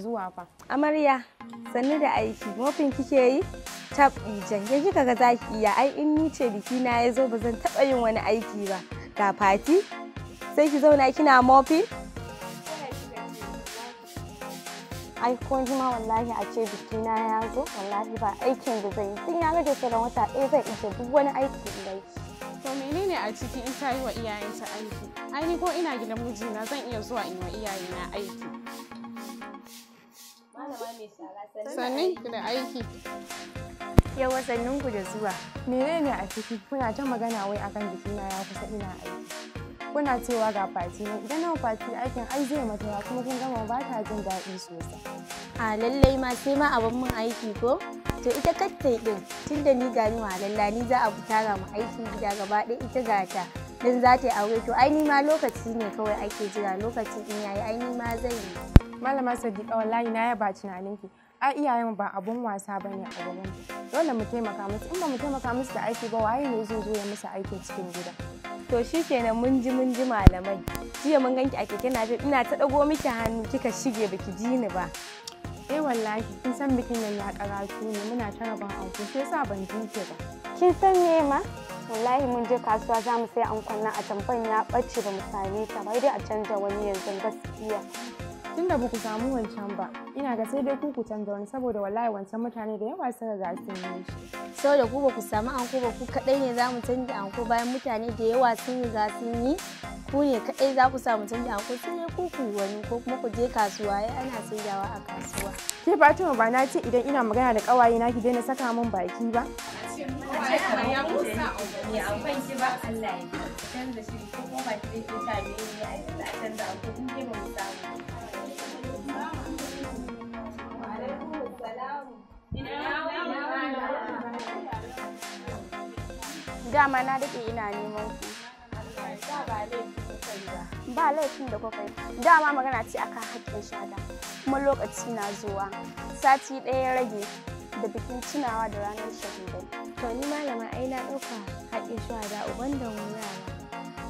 zuwa fa. Amarya, sannu da aiki, mofin kike yi? Tab ijan, ya kika ga zaki iya ai in ni ce biki na ya zo ba zan taɓa yin wani aiki ba. Ga fati, sai ki zauna kina mofi? ai ko jima wallahi a ce bikina ya zo wallahi ba aikin da zan yi tun ya rage ran wata ɗaya zai iya duk wani aiki da yi. to menene a ciki in ta yi wa iyayenta aiki ai ni ko ina gidan mijina zan iya zuwa in yi wa iyayena aiki Sannan, ki da aiki. Ya wasannin ku da zuwa. Menene a ciki? Kuna ta magana wai akan jikina ya kusa ina aiki. Kuna cewa ga fati ne, idan nawa fati aikin ai zai mata kuma kun gama ba ta jin daɗi sosai. A lallai ma sai ma abin mun aiki ko? To ita kattai ɗin tun da ni gani walalla ni za a fita ga mu aiki gida gaba ɗaya ita gata. Dan za ta yi aure to ai ma lokaci ne kawai ake jira lokacin in yayi ai ma zai yi. malama sadiqa wallahi oh, na yaba ki a iyayen ba abun wasa ba ne a gaban dole mu taimaka musu in ba mu taimaka musu da aiki ba waye ne zai zo ya musu aiki cikin gida to shikenan mun ji mun ji malamai jiya mun ganki a keke na ina ta dago miki hannu kika shige baki ji ni ba eh wallahi kin san bikin nan ya karatu ne muna ta rabon anko sai sa ban ji ki ba kin san me ma wallahi mun je kasuwa za mu sai an nan a tamfan ya bace ba mu same ta ba dai a canja wani yanzu gaskiya tunda ba ku samu wancan ba ina ga sai dai ku ku canza wani saboda wallahi wancan mutane da yawa suka ga sun yi shi saboda ku ba ku samu anko ba ku kadai ne za mu canza anko bayan mutane da yawa sun yi ga sun yi ku ne kadai za ku samu canza anko sai dai ku ku wani ko kuma ku je kasuwa ya ana a kasuwa ke Fatima ba na ce idan ina magana da kawaye na ki daina saka min baki ba ba dama na dake ina neman ku ba laifin da kuka yi dama magana ce akan haƙƙin shada kuma lokaci na zuwa sati ɗaya rage da bikin tunawa da ranar shahidai to ni malama ai na ɗauka haƙƙin shada uban da mu yara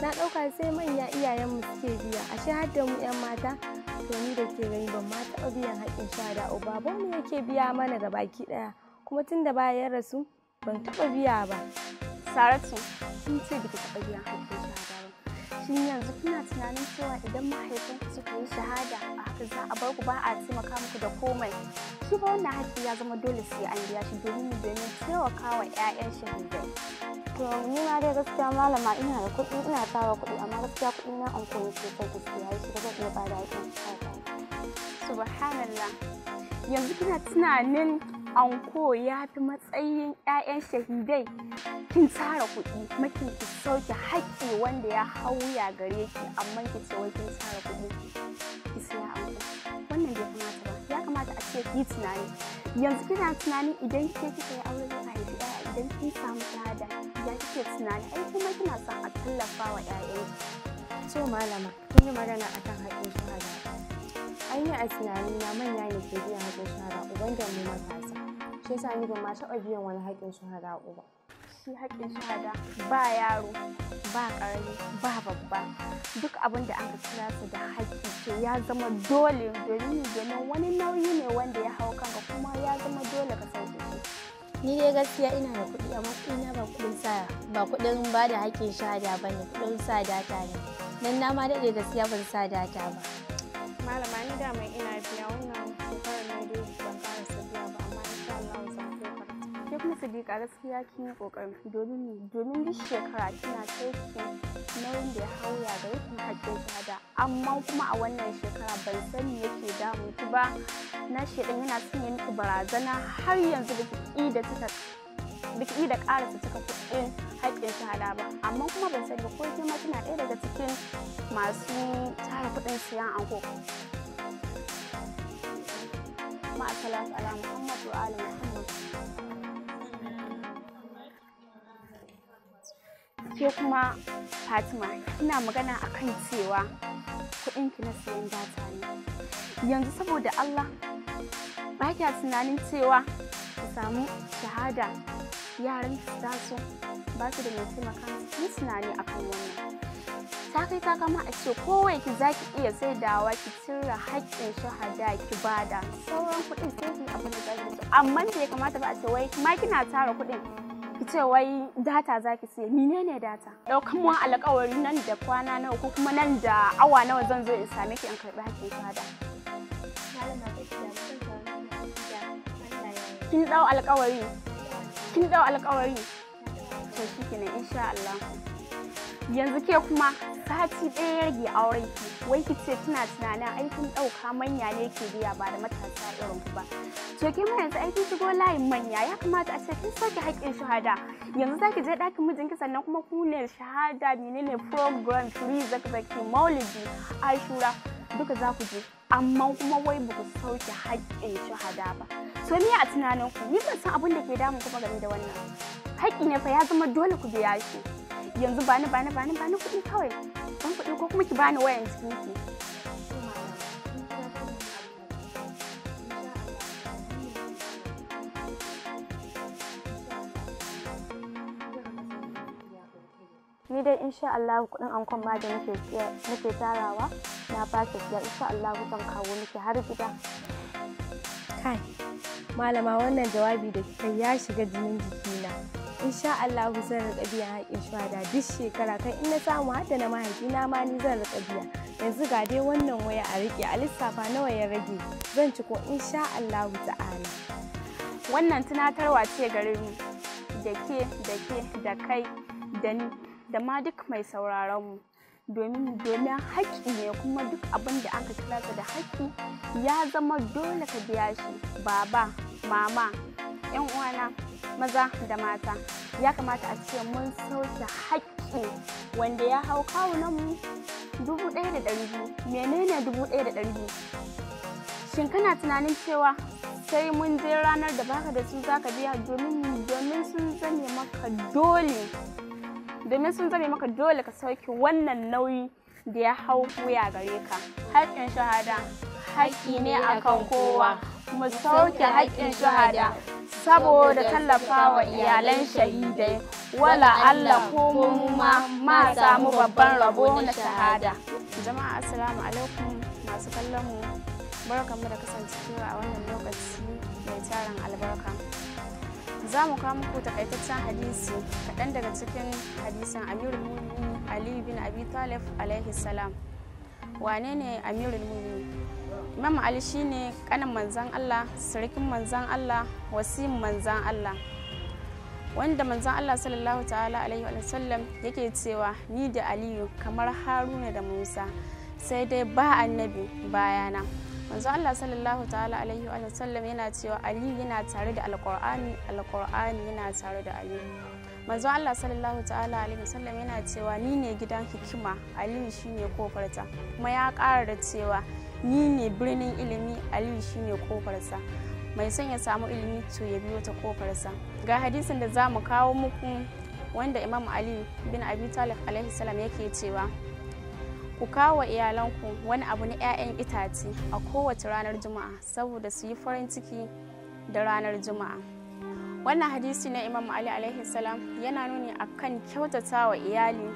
na ɗauka sai manya iyayenmu suke biya ashe har da mu 'yan mata to da ke gani ban ma taɓa biyan haƙƙin shahada ba mu yake biya mana ga baki ɗaya kuma tun da baya ya rasu ban taba biya ba saratu sun ce biki taɓa biyan haƙƙin shahada ba shin yanzu kuna tunanin cewa idan mahaifinku suka yi shahada a haka za a bar ku ba a taimaka muku da komai shi ba wannan haƙƙi ya zama dole sai an biya shi domin mu domin taimaka wa 'ya'yan shahidai to ni ma dai gaskiya malama ina da kuɗi ina tara kuɗi amma gaskiya kuɗi na an koyi sosai gaskiya shi da zan iya bada aikin subhanallah yanzu kina tunanin anko ya fi matsayin 'ya'yan shahidai kin tsara kuɗi makin ki sauke haƙƙi wanda ya hau ya gare ki amma ki ce wai kin tsara kuɗi ki siya anko wannan bai kamata ba ya kamata a ce ki tunani yanzu kina tunanin idan ke kika yi aure za a haifi idan kin samu tsara kike tunani ai kuma kina son a tallafa wa ƴaƴanki so malama kun yi magana akan haƙƙin shahada an yi a tunani na manya ne ke biyan haƙƙin shahara uban da mu matasa shi yasa ni ban ma taɓa biyan wani haƙƙin shahara uba shi haƙƙin shahada ba yaro ba ƙarami ba babba duk abin da aka kira su da haƙƙi ce ya zama dole domin domin wani nauyi ne wanda ya hau kanka kuma ya zama dole ka sauke ni dai gaskiya ina da kuɗi amma na ba kuɗin sa ba kuɗin ba da haƙƙin shahada ba ne kuɗin sa data ne dan na ma daɗe gaskiya ban sa data ba malama ni da mai ina biya wannan kuma sadiqa gaskiya kin yi kokarin domin domin duk shekara kina kai nauyin da ya hauya ga yakin hajjin hada amma kuma a wannan shekara ban sani yake damu ku ba na shedan yana son ya miki barazana har yanzu da kiki da kika biki da su cika kuɗin haƙƙin shahada ba amma kuma ban sani ko ke ma tana ɗaya daga cikin masu tara kuɗin siyan anko ma salatu ala muhammadu muhammad ke kuma fatima ina magana akan cewa kudin ki na sayan data ne yanzu saboda allah ba kya tunanin cewa ki samu shahada yaran ki taso ba su da mai taimaka ni tunani akan wannan ta kai ta kama a ce kowai ki za ki iya wa ki cira haƙƙin shahada ki bada sauran kuɗin sai ki abin da za ki amma da ya kamata ba a ce wai ma kina tara kuɗin ki ce wai data za ki siya menene data ɗaukan mu alƙawari nan da kwana nawa ko kuma nan da awa nawa zan zo in same ki in karɓi hakkin fada kin dau alƙawari kin dau alƙawari to kenan insha Allah yanzu ke kuma sati ɗaya ya rage auren ki wai ki ce tana tunanin aikin ɗauka manya ne ke biya ba da matasa irin ku ba to ke ma yanzu aikin shigo layin manya ya kamata a ce kin sauke haƙƙin shahada yanzu za ki je ɗakin mijinki sannan kuma ku ne shahada menene program free zaka zaki maulidi ashura duka za ku je amma kuma wai ba ku sauke haƙƙin shahada ba to ni a tunanin ku ni ban san abin da ke damun kuma game da wannan haƙƙi ne fa ya zama dole ku biya shi yanzu bani bani bani bani kuɗi kawai ban kuɗi ko kuma ki bani wayan ki ni dai insha Allah kuɗin ankon ma da nake tarawa na ba ta siya insha Allah zan kawo miki har gida kai malama wannan jawabi da kika ya shiga jinin jikina insha Allah zan rika biya haƙin da duk shekara kan in na samu hadda na mahaifina ma ni zan rika biya yanzu ga dai wannan waya a rike a lissafa nawa ya rage zan ci ko insha Allah ta'ala wannan tunatarwa ce gare mu da ke da ke da kai da ni da ma duk mai sauraron mu domin domin haƙƙi ne kuma duk abin da aka kira da haƙƙi ya zama dole ka biya shi baba mama 'yan uwana maza da mata ya kamata a ce mun sauke haƙƙi wanda ya hau kawunan mu dubu ɗaya da ɗari biyu menene dubu ɗaya da ɗari biyu shin kana tunanin cewa sai mun je ranar da baka da su zaka biya domin domin sun zame maka dole domin sun zame maka dole ka sauke wannan nauyi da ya hau wuya gare ka haƙƙin shahada haƙƙi ne akan kowa mu sauke haƙƙin shahada saboda tallafawa iyalan shahidai wala Allah ko mu ma samu babban rabo na shahada jama'a assalamu alaikum masu kallon mu mu da kasancewa a wannan lokaci mai tarin albarka za mu kawo muku takaitaccen hadisi kaɗan daga cikin hadisin amirul mu'minin ali bin abi talib alaihi salam wane ne amirul mu'minin Imam Ali shine kanin manzan Allah, sirikin manzan Allah, wasin manzan Allah. Wanda manzan Allah sallallahu ta'ala alaihi wa sallam yake cewa ni da Aliyu kamar Haruna da Musa sai dai ba annabi bayana. Manzan Allah sallallahu ta'ala alaihi wa sallam yana cewa Aliyu yana tare da al Alƙur'ani yana tare da Aliyu. manzo Allah sallallahu ta'ala alaihi wasallam yana cewa ni ne gidan hikima aliyu shine kofarta kuma ya ƙara da cewa ni ne birnin ilimi ali shine kofarsa mai son ya samu ilimi to ya biyo ta kofarsa ga hadisin da za mu kawo muku wanda imam ali bin abi talib alaihi salam yake cewa ku kawo iyalanku wani abu na 'ya'yan itace a kowace ranar juma'a saboda su yi farin ciki da ranar juma'a wannan hadisi na imam ali alaihi salam yana nuni akan kyautata wa iyali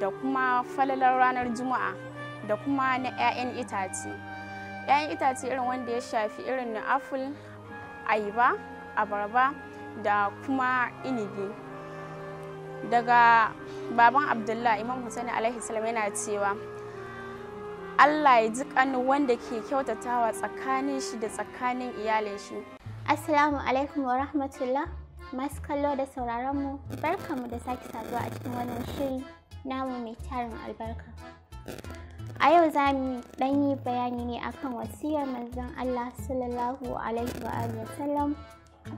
da kuma falalar ranar juma'a da kuma na 'ya'yan itace 'ya'yan itace irin wanda ya shafi irin na apple ayaba abarba da kuma inibi daga baban abdullahi imam hussein alaihi salam yana cewa allah ya ji wanda ke kyautatawa tsakanin shi da tsakanin iyalin shi assalamu alaikum wa rahmatullah masu kallo da sauraronmu barkanmu da sake saduwa a cikin wannan shiri namu mai tarin albarka a yau za mu ɗan yi bayani ne akan wasiyar manzon Allah sallallahu alaihi wa alihi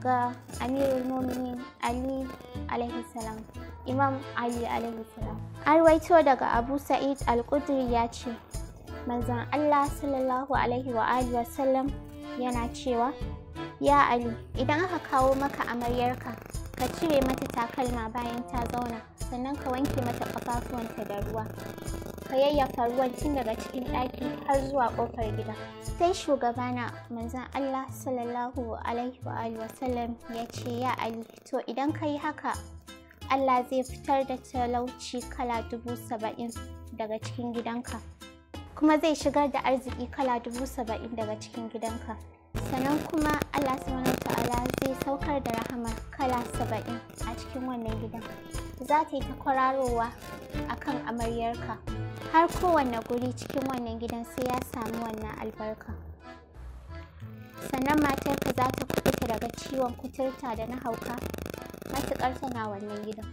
ga amirul muminin Ali alaihi salam Imam Ali alaihi salam an daga Abu Sa'id al-Qudri ya ce manzon Allah sallallahu alaihi wa alihi yana cewa ya Ali idan aka kawo maka amaryarka ka cire mata takalma bayan ta zauna sannan ka wanke mata ƙafafuwanta da ruwa ka yayyafa ruwan tun daga cikin ɗaki har zuwa ƙofar gida sai shugabana manzon Allah sallallahu alaihi wa wasallam ya ce ya Ali to idan ka yi haka Allah zai fitar da talauci kala dubu saba'in daga cikin gidanka kuma zai shigar da arziki kala dubu saba'in daga cikin gidanka sannan kuma Allah subhanahu ta'ala zai saukar da rahama kala saba'in a cikin wannan gidan za ta yi ta kwararowa a kan amaryarka har kowanne guri cikin wannan gidan sai ya samu wannan albarka sannan matarka za ta kuɓuta daga ciwon kuturta da na hauka matuƙar tana wannan gidan